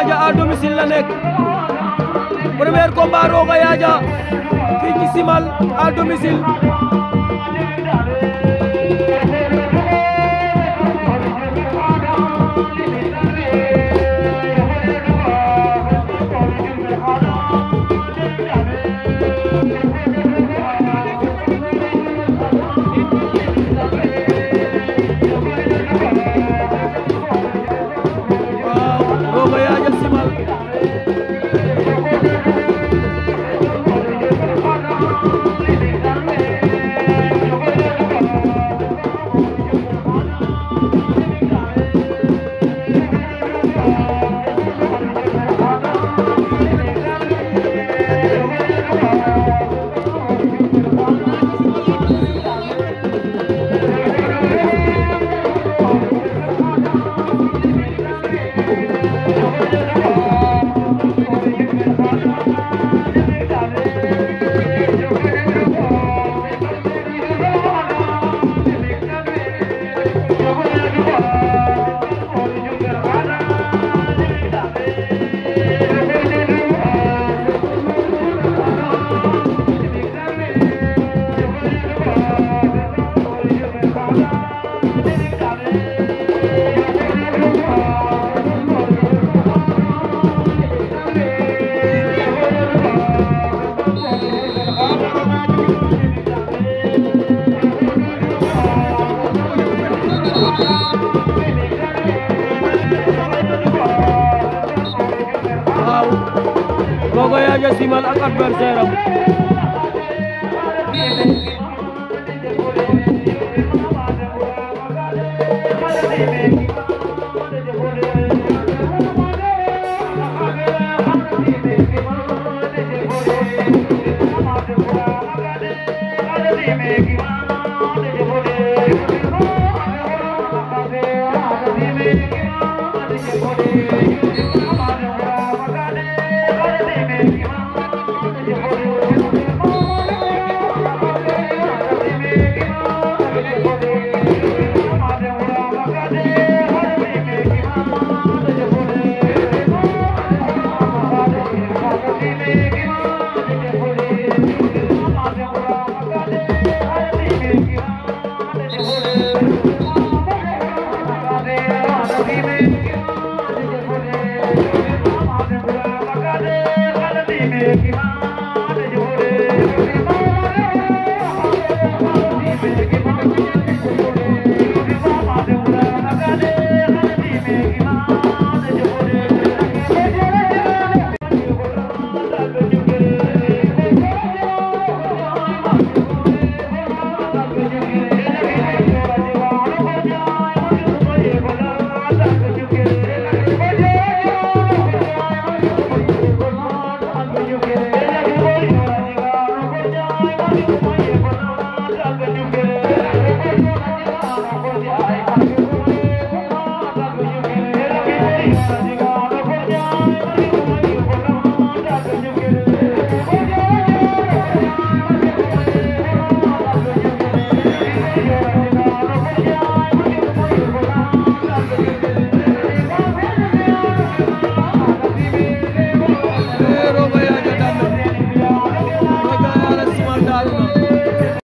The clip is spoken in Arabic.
Yadja à domicile la nekk premier combat Roga Yadja fii ci Simal à domicile Thank you. يا جسيم الأكبر زيرب Thank you. Thank you.